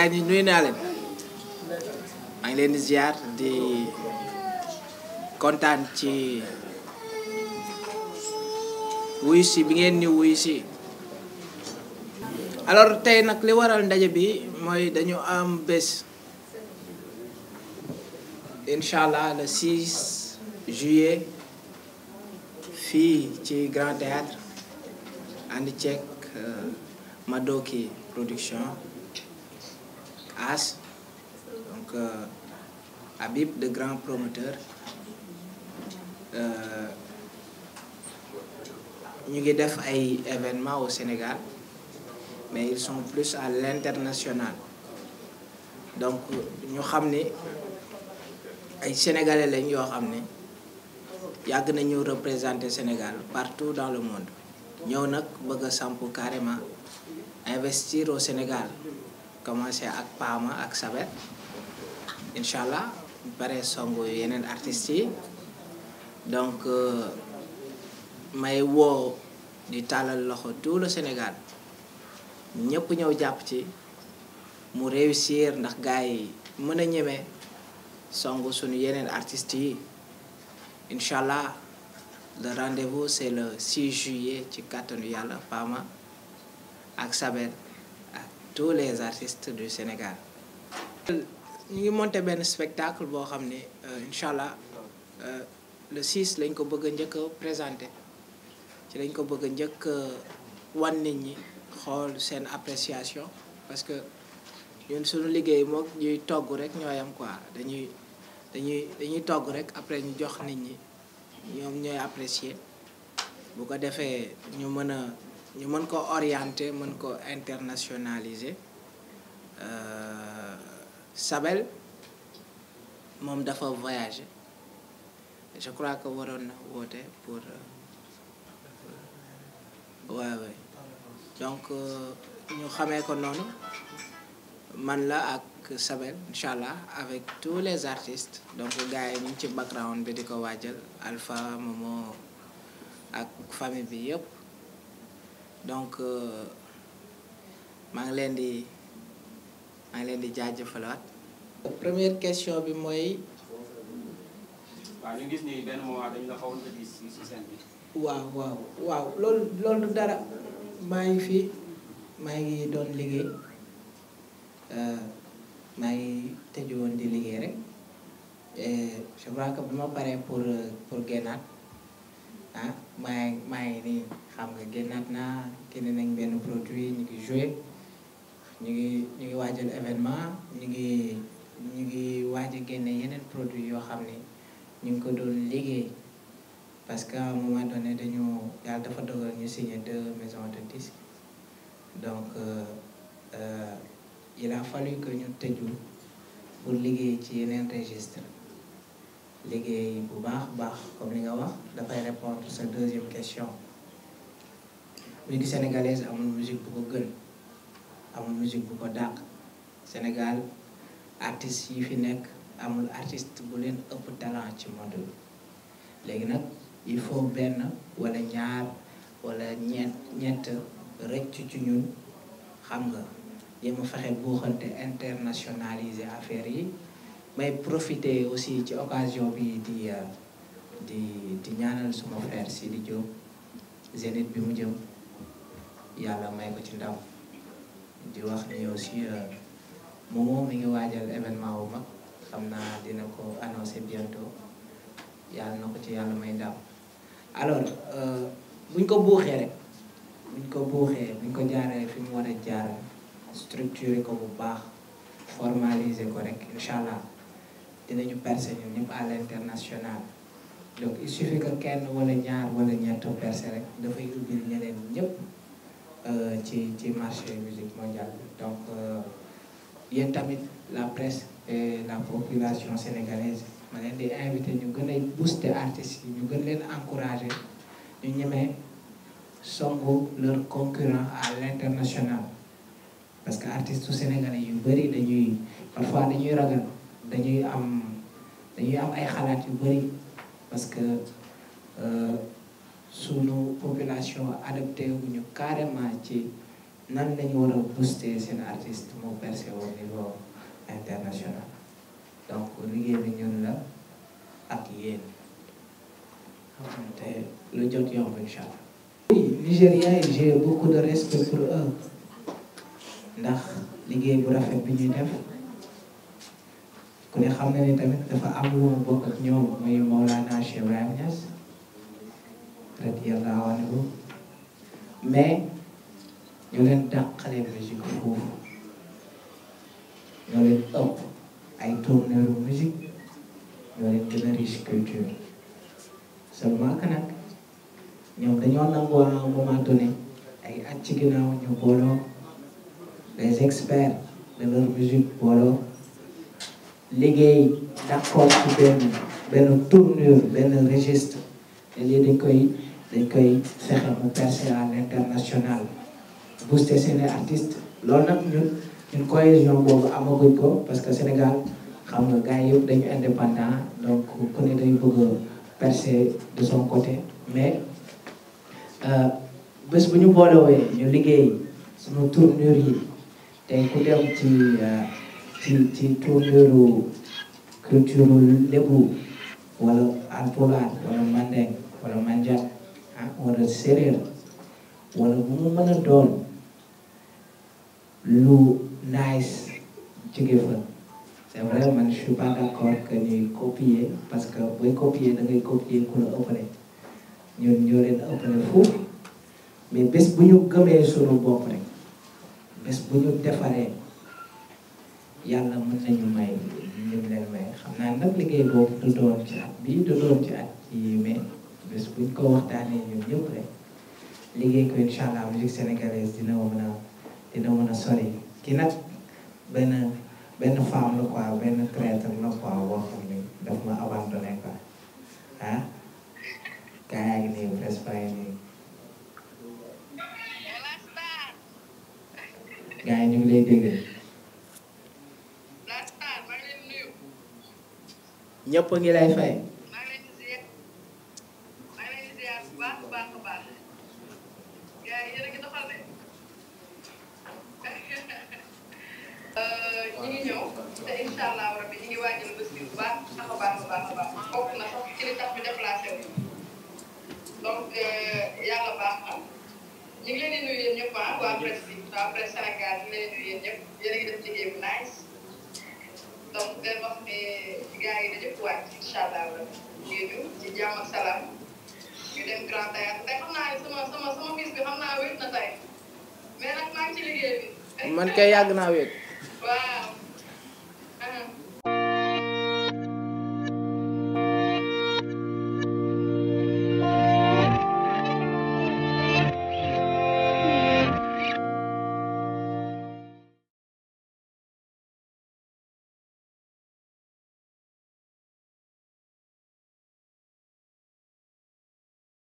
gaañ yi nuyu naa leen ziar di kontaan ci wuyu si bi ngeen ni wuyu si alors tey nag li waral ndaje bi mooy dañu am bés incha allah le juillet fii ci Grand Théâtre ànd ceeg euh, Madoki production As donc euh, Habib de grand promoteur euh, ñu ngi def ay événements au Sénégal mais ils sont plus à l'international donc ñu xam ni ay sénégalais lañ yoo xam ne yàgg nañu représenter Sénégal partout dans le monde ñëw nag bëgg sampu samp carrément investir au Sénégal commencé ak Paama ak Sabet incha allah bare songu yeneen artist yi donc euh, may woo di tàllal loxo tout le Sénégal ñëpp ñëw jàpp ci mu réussir ndax gars yi mën a ñeme songu suñu yeneen artistes yi incha allah le rendez-vous c'est le juillet ci kàttanu yàlla Paama ak Sabet. tous les artistes du Sénégal. ñu ngi monté benn spectacle boo xam ne euh, incha allah euh, le 6 lañ ko bëgg njëkk a présenté ci lañ ko bëgg njëkk wan nit ñi xool seen appréciation parce que ñun suñu liggéey moom ñuy togg rek ñooy am quoi dañuy dañuy dañuy togg rek après ñu jox nit ñi ñoom ñooy apprécier bu ko defee ñu mën a ñu mën ko orienter mën ko internationaliser euh, Sabel moom dafa voyager je crois que waroon na woote pour waaw euh, donc euh, ñu xamee ko noonu man la ak Sabel incha allah avec tous les artistes donc gars yi ñu ngi ci background bi di ko waajal Alpha Momo ak famille bi yëpp. donc euh, maa ngi leen di maa ngi leen di jaajëfalaat. première question bi mooy. waaw ñu gis ni benn moment waaw loolu loolu dara maa ngi fi maa ngi doon liggéey euh, maa ngi tëju woon di liggéey rek je crois que bu ma paree pour génnaat. ah maa maa ngi nii xam nga génnaat naa génne nañ benn produit ñu ngi joué ñu ngi ñu waajal événement ñu ngi ñu ngi waaj a génne yeneen produit yoo xam ni ñu ngi ko doon liggéey parce que à un moment donné dañu yàlla dafa dogal ñu signé deux maisons de disque donc euh, euh, il a fallu que ñu tëju pour liggéey ci yeneen registre liggéey bu baax baax. nga ma dafay répondre sa deuxième question musique sénégalaise amul musique bu ko gën amul musique bu ko dàq Sénégal artistes yi fi nekk amul artist bu leen ëpp talent ci monde bi léegi nag il faut benn walla ñaar wala ñett ñett rëcc ci ñun xam nga yéma fexe buuxante internationaliser affaire yi may profité aussi ci occasion bi di euh, di di ñaanal suma frère Sidi Diop Zénith bi mu jëm yàlla may ko ci ndam di wax ni aussi euh, moom mu ngi waajal événement bu mag xam naa dina ko annoncer bientôt yàlla na ko ci yàlla may ndam alors euh, buñ ko buuxee rek buñ ko buuxee buñ ko jaaree fi mu war a jaar structurer ko bu baax formaliser ko rek incha allah dinañu percer ñun ñëpp à l'international donc il suffit que kenn wala ñaar wala ñett percé rek dafay ubbil ñeneen ñëpp euh, ci ci marché musique mondiale donc euh, yéen tamit la press et la population sénégalaise ma leen di invité ñu gën a booster artistes yi ñu gën leen encouragé ñu ñemee songu leur concurrent à l'international parce que artistes sénégalais yu bëri dañuy parfois dañuy ragal dañuy am dañuy am ay xalaat yu bëri parce que euh, sunu population adapté wuñu carrément ci nan lañu war a seen artiste mu percé au international donc liggéey bi ñun la ak yéen te lu jot yomb incha allah. oui Nigériens yi j'ai beaucoup de respect pour eux ndax liggéey bu rafet bi ñuy def. ku ne xam na ne tamit dafa am lu mu bokk ak ñoom muy Mawlana Cheikh Ibrahim Niass radiyallahu anhu mais ñu leen dàqale musique foofu ñoo leen ëpp ay tourneuru musique ñoo leen gën a culture seulement que nag ñoom dañoo nangoo à un moment ay at ci ginnaaw ñu booloo les experts de leur musique booloo liggéey d'accord ci benn benn tournure benn registre te lii dañ koy dañ koy fexe mu percer à l'international booster seen artiste loolu nag ñun ñun cohésion boobu amaguñ ko parce que Sénégal xam nga gars yëpp dañu indépendant donc ku ne dañu bëgg a percer de son côté mais euh, bés bu ñu boolewee ñu liggéey suñu tournure yi tey ku dem ci euh, ci ci culture culture lébu wala alpulaar wala mandeng wala manjak ah wala séréer wala mu mën a doon lu nice jóge fa man je suis pas ñuy copier parce que booy copier da ngay copier ku ñoo leen ëppale foofu mais bés bu ñu gëmee sunu bopp rek bu ñu defaree yàlla mun nañu may ñu leen may xam naa nag liggéey boobu du doon ci at bii du doon ci at yi mais bés buñ ko waxtaanee ñun ñëpp rek liggéey ko incha allah musique sénégalaise dina mën a dina mën a sori ki nag benn benn femme benn traître la waxuñ ñëpp ngi lay fay. ñu ngi ñëw te incha allah rabi ñu ngi waajal bés bi bu baax sax a baax a baax a baax bokk na sax ci li tax ñu déplacé wu donc euh, yàlla baax na ngi leen di nuyu yéen ñëpp ah waa presse bi waa presse Sénégal ñu ngi leen di nuyu yéen ñëpp yéen a ngi def liggéey bu nice donc den wax ne gars yi na jëkkuwaat allah man kay yàgg naa wéet.